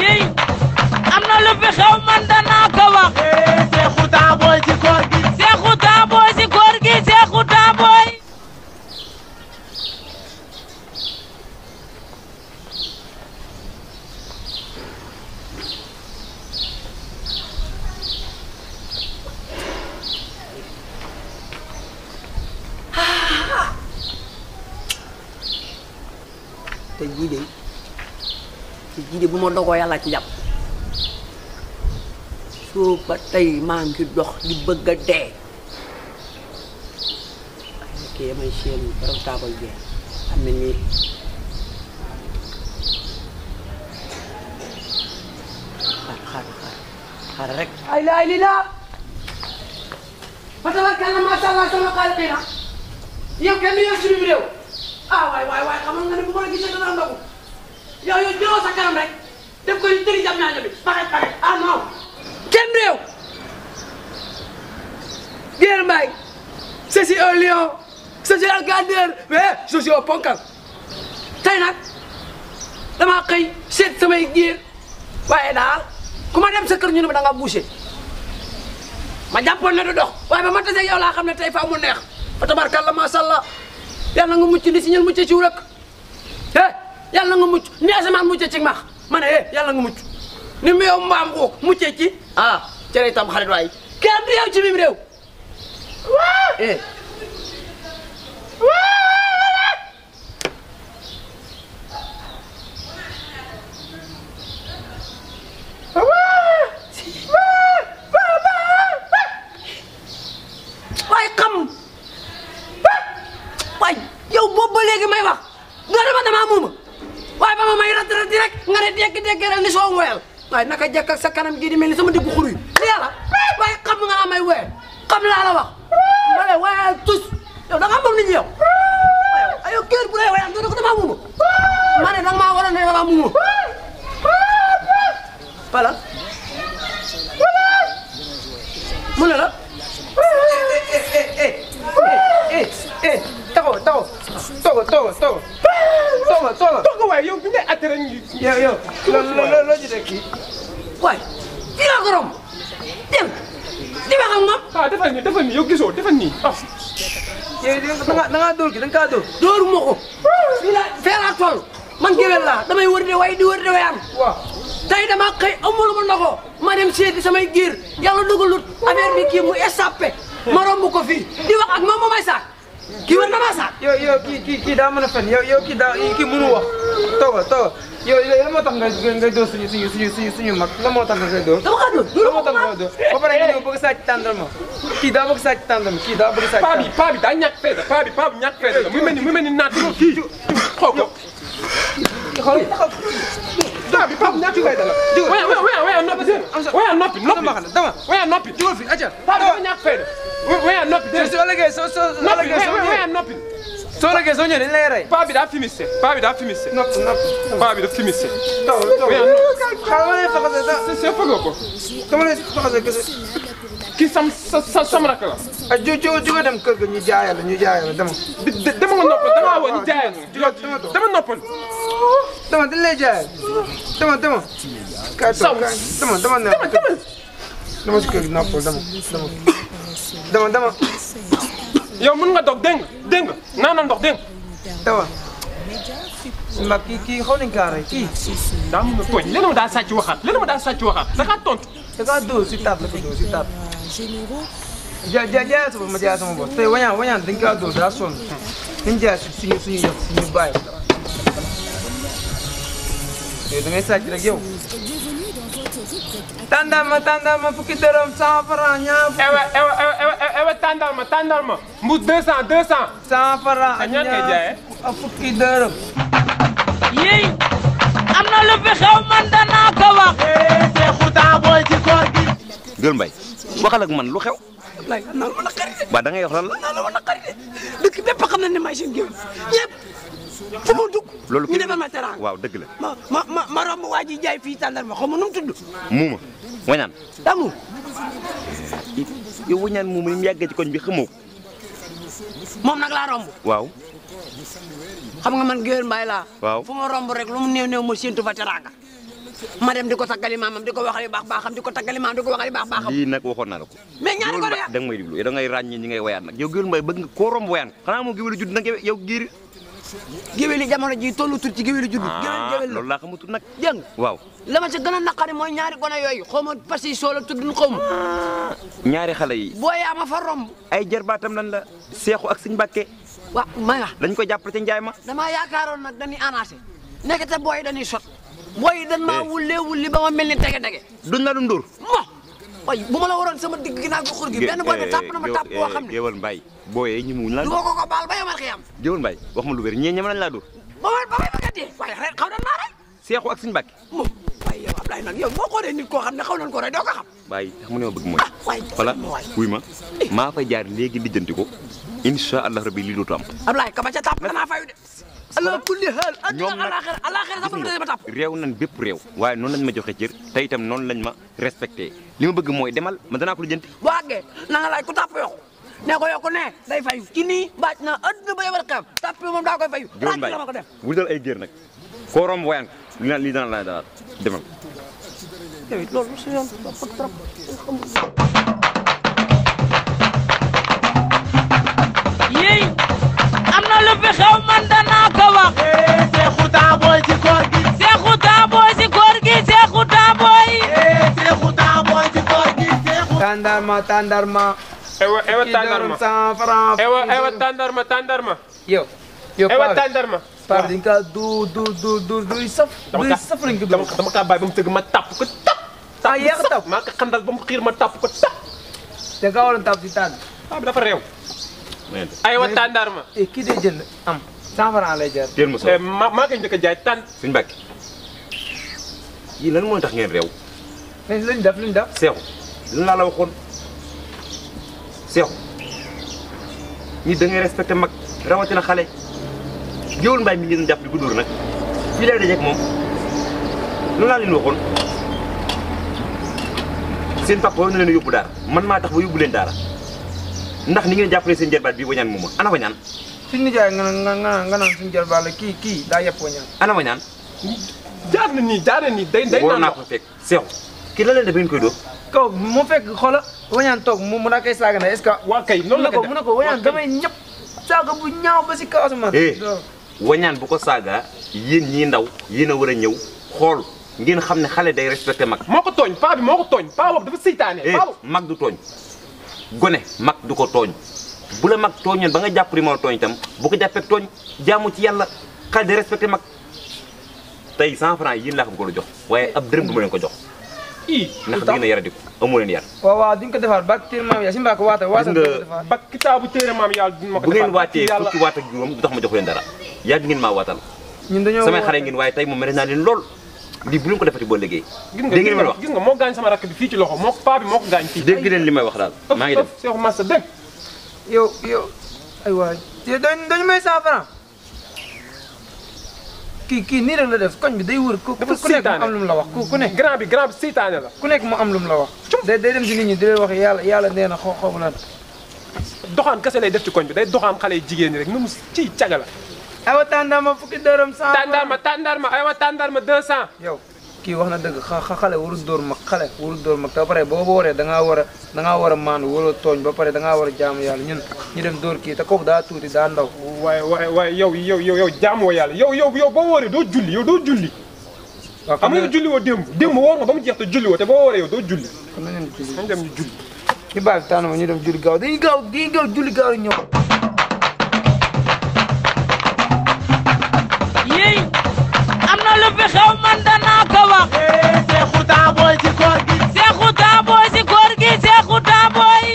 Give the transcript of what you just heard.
yéy am na lu fi xew man danaa ko wax. Eh, Seexu Taaboy si koor gi. Seexu Taaboy si koor gi Seexu Taaboy. Ah. tey jii de. lii de bu ma dogoo yàlla ci jàpp soo ba tey maa ngi dox di bëgg a dee kii damay séenu borom taabal bi am na ni xaar xaar xaar xaar rek. ay laay li la Fatal ak Kalla macha allah sama xaalis xëy na yow kenn du yor suñu réew ah waay waay nga ne bu ma la gisee dana ndogu. yow yow jëloo sa kanam rek def ko yu tëri jam ñaa ñobi paxet paxet ah non kenn réew Guère Mbaye je suis un lion je suis un gardien mais je suis un ponkal tey nag damaa xëy seet samay géer waaye daal ku ma dem sa kër ñu ne ma da nga ma jàppoon ne du dox waaye ma tasee yow laa xam ne tey fa mu neex fa tabarkalla macha allah yàlla nga mucc di si ñun mucc ci wu rek yàlla nga mucc ni asamaan muccee ci max ma ne eh yàlla nga mucc ni mu yow mbaam ko muccee ci ah cere itam xarit waay kenn du yow ci mim réew. gereel ni soo woyal sa kanam gii di mel ni sama diggu xur yi li yàlla waaye xam nga amay woyal xam laa la wax ma ne tus yow da nga moom nit ñi yow ayo kër bu lay woyal doo ko damaa muuma ma ne maa waroon ne damaa mu ne la eh eh eh eh eh taxaw taxaw toog waaye yow bi ngay àtte rek ñu. yow yow loo loo jotee kii. waay fii laa ko romb dem di wax ak moom. ah defal nii defal nii yow gisoo defal nii ah. yow da ngaa da ngaa dóor gi da nga kaa dóor. dóoru ma ko. fii laa fee laa toll man géwél laa damay wër de way di wër de wayam. waaw tey damaa xëy amul ma ndoxoo ma dem seeti samay giir yàlla dugalut affaire bi kii mu échappé ma romb ko fii di wax ak moom moomay saak. kii war na maa saag. yow yow kii kii kii daa mën a fen yow yow kii daa kii mënu wax tooga tooga yow la moo tax nga ngay dóor suñu suñu suñu suñu mag la moo tax nga ngay dóor. dama kaa dóor dóor la moo tax nga dóor ba pare nga ñëw bëgg sàcc tàndarma kii daa bëgg sàcc tàndarma kii daa bëgg sàcc. paa bi paa bi mu mel ni mu mel ni naat bi kii xoo ko. temps bi Pape ñaata ngay dala. diw waaw waaw waaw noppi waaw noppi noppi dama waaw noppi diw fi atia. Pape dafa ñàkk fay de. waaw noppi déedéet soo lëggee soo soo. noppi waaw noppi. soo lëggee soo ñëwee dañu lay rey. Pape bi daa fumiste Pape bi daa fumiste. noppi noppi Pape bi dafa fumiste. taw taw waaw noppi. xaaral ma lay faxase sax. c'est c'est fëgg ko. dama lay faxase kese. kii sam sa sa sam rakk la. ah ju ju ju dem kër ga ñu jaayal ñu jaayal dama. dama nga noppal dama woo ñu jaayal. dama noppal. dama dañ lay jaayal. dama dama. kaay toog kaay dama dama dama dama si kër gi noppal dama dama dama dama. yow mën nga doog dégg nga dégg nga naanal ndox dégg nga. dama. mbaa kii kii xaw nañ kaa rey kii. daa mun a tooñ leneen ma daa sàcc waxaat leneen ma daa sàcc waxaat da kaa tontu. da kaa dóor si taat la ko dóor si taat. généraux. ja ja jaay sama ma jaay sama bopp tey wañaan wañaan dañ kaa dóor daa sonn nañ jaay suñu suñu yëf suñu bàyyi yow da ngay sàcc rek yow. tàndarma tàndarma fukki dërëm cent franc ñaar fukki. fukki dërëm. yéy am na lu fi xew man danaa eh, ko wax. seexu temps booy ci gi. Gueule Mbaye. waxal ak man lu xew. wallaay naa la naqari da ngay wax la. naa la de dëkk bépp xam nañ ne maay seen géwél ñëpp fu mu dugg. loolu ñu defal ma teranga waaw dëgg la. ma ma ma ma romb waa ji jaay fii tàndarma xaw ma nu mu tudd. muuma wañaan. daa muum. yow wañaan muuma yi mu yàggee ci koñ bi xamoo ko. moom nag romb. waaw. xam nga man géwél mbaay laa. waaw fu ma romb rek lu mu néew néew ma séntu fa teranga ma dem di ko taggali di ko waxali baax baaxam di ko taggali maamam di ko waxali baax baaxam lii nag waxoon naa la ko mais ñaari gone ya da nga may déglu da ngay ràññi ji tollu tut ci géwél judd géwél ah, géwél loolu laa xamatul la ma gën a naqari mooy ñaari gone yooyu xaw ma parce que soo la tuddun ah, ñaari xale yi booyaa ma fa romb ay jarbaatam lan la seexu ak sëñ wa waaw ma dañ ko jàppale ca njaay ma damaa yaakaaroon nag dañuy annoncé nekk te booy dañuy sot booy dañ maa eh. wullee wulli ba ma mel ni tege-tege. duñ la dundur. waaw waaye bu ma la waroon sama digg ginnaaw gi xur gi. benn booy bi eh, tàpp na ma tàpp boo eh, xam ne géwal mbay. la. du ma ko ko baal ba yamal xiyam. géwal mbay ma lu ba ma ba may bëgg a dee waaye xëy xaw nañ maa rek. seexu ak suñu bàkki. moom waaye yow Ablaye nag yow nit koo xam ne xaw nañ ko rek doo ko xam. waaye xam nga li ma bëgg mooy. ah waay ma maa fay jaar léegi lijjanti ko incha allah rabbi lii dootu am. Ablaye ka allah kulli xaal ñoom nag réew nañ bépp réew waaye noon lañ ma joxe cër te itam noonu lañ ma respecté li ma bëgg mooy demal man danaa ko lijjanti waage na nga laaj ku tàpp yokku ne ko yokku ne day fayu ki nii bàcc na adduna ba yowal kam tàpp moom daa koy fayu joon bay ma ko def wutal ay géer nag koo romb wayan li naan lii dana la dalal demal xew man danaa ko wax. Seexu Taaboy ci koor gi. Seexu Taaboy ci koor gi Seexu Taaboy. Seexu Taaboy ci koor gi Seexu. tàndarma tàndarma. ewa ewa tàndarma ewa ewa tàndarma tàndarma. yow yow ewa tàndarma. Pape dañu kaa ah. du du du du duy saf. duy saf lañu ko dama dama kaa bàyyi ba mu tëgg ma tàpp ko tàpp. ah yaa ko tàpp maa ko xandal ba mu xiir ma tàpp ko tàpp. te kaa waroon tàpp si tànn. Pape dafa réew. ay wa tàndarma kii day jënd am 100 francs lay jar teel ma so eh, ma maa ko njëkk a jaay tànn suñ mbàkke yii lan moo tax ngeen réew luñ def luñ def seexu lan laa la waxoon seexu ñi da ngay respecté mag rawatina xale géwél mbaay mi ngi doon jàpp di ko dóor nag fii lay dajeeg moom lan laa leen waxoon seen papa leen yóbbu daara man maa tax ba yóbbu leen daara ndax ni ngeen jàppale seen jarbaat bi wañaan moom ana wañaan suñu nijaay nga nga nga naan suñu jarbaat la kii kii daa yëpp wañaan ana wañaan jaar na nii jaar na nii day day naa ko fekk seexu kii la leen def ngeen koy dóor kaw mu fekk xoola wañaan toog mu mu daa koy saaga na est-ce que waa kay noonu la ko mu ne ko wañaan damay ñëpp saaga bu ñaaw ba si kaw sama eh, wañaan bu ko saaga yéen ñii ndaw yéen a war a ñëw xool ngeen xam ne xale day respecté mag moo ko tooñ paa bi moo ko tooñ paa boobu dafa seytaane eh, mag du tooñ gone mag du ko tooñ bu la mag tooñoon ba nga jàpp ni moo tooñ itam bu ko jàppee tooñ jaamu ci yàlla xale di respecté mag tey 100 francs yéen laa ko bëggoon a jox waaye ab ko jox. i ndax da ko amoo leen yar. waaw ko defar ba kitaabu téere maam yaa du ma ko defar bu ngeen waatee fukki waat juróom du tax ma jox leen dara yaa ngeen maa waatal. ñun dañoo samay xare ngeen waaye tey moom mere naa lool di bu leen ko defati boo liggéey. dégg nga li may wax gis nga moo gaañ sama rakk bi fii ci loxo moo paa bi moo ko gaañ fii. dégg leen li may wax daal may cent franc kii kii nii rek la def koñ bi day wër ku nekk mu am lu mu la wax ku nekk grand bi grand bi seytaane la ku nekk mu am lu mu la wax day dem si nit ñi di leen wax yàlla yàlla nee na xoo xoobu lan doxaan kese lay def ci koñ bi day doxaan xale yi jigéen ñi rek nu mu ciy caga la aywa tàndarma fukki dërëm. cent tàndarma tàndarma aywa ma deux cent. yow kii wax na dëgg xa xale warul dóor mag xale warul dóor mag te boo wooree da ngaa war a da ngaa war a maandu waroo tooñ ba pare da ngaa war a jaamu yàlla ñun ñu dem dóor kii te kooku daa tuuti daa ndaw. waaye waaye waaye yow yow yow jaamoo yàlla yow yow yow boo wooree doo julli yow doo julli. waaw xam julli julli woo démb démb woor nga ba mu jeex julli woo te boo wooree yow doo julli. xam nañ leen julli ñu dem ñu julli. ñu dem julli gaaw dañuy gaaw dañuy gaaw julli gaaw lu fi xew man danaa ko wax. Eh, Seexu Taaboy ci koor gi. Seexu Taaboy ci koor gi Seexu Taaboy.